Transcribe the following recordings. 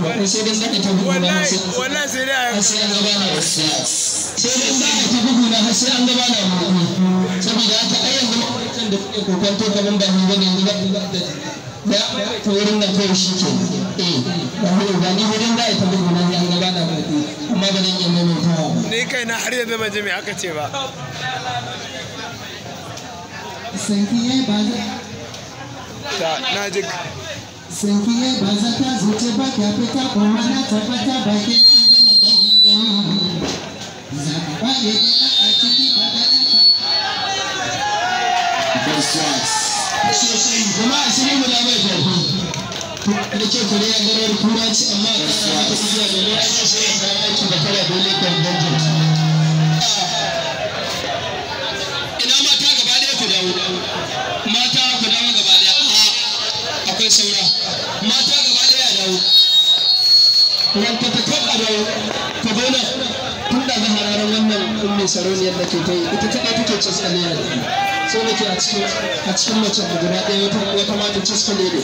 wallahi sai dai sai ta bugu na wallahi sai dai sai an gaba na sai dai a ta sai an gaba na mu saboda haka ai yanzu mawarcin da suke kokonto kaman ba ni bane ni ba da da ta wurin nan shi ke eh ba ni ba ni wurin da ya ta bugu sai an gaba na amma ba zan iya maimaitawa ba ni kai na har yanzu ban ji me aka ce ba sanki yayi ba na ji Sinkiye bazata zuce baka fita kuma na tabbata baki za ka bare a ciki ba da Sosai jama'a sai mu da mai farko. Da ke a garar amma a da mai ake da kara dole Ina mata gaba ku dawo. Mata ku dawo gaba Akwai saura. wanta ta kaɗa da ta daina tun da wannan ummin sarauniyar yadda ke ta yi ita kaɗai take ciskaliya da so da a cikin a cikin mace da guda ɗaya wata ya kamata ciskaliya ne.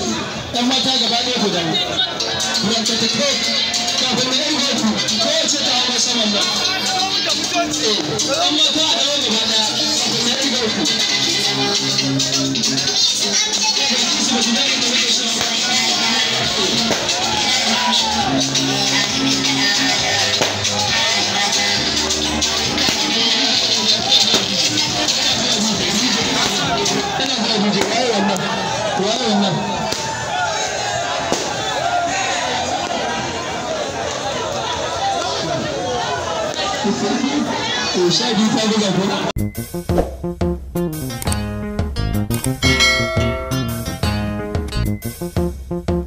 ɗan mata gaba ɗaya ku damu wanta ta kaɗa kafin na ɗan gafu kowace ta hau saman ba ɗan mata a ɗaya gaba ɗaya kafin na 我下底三个球。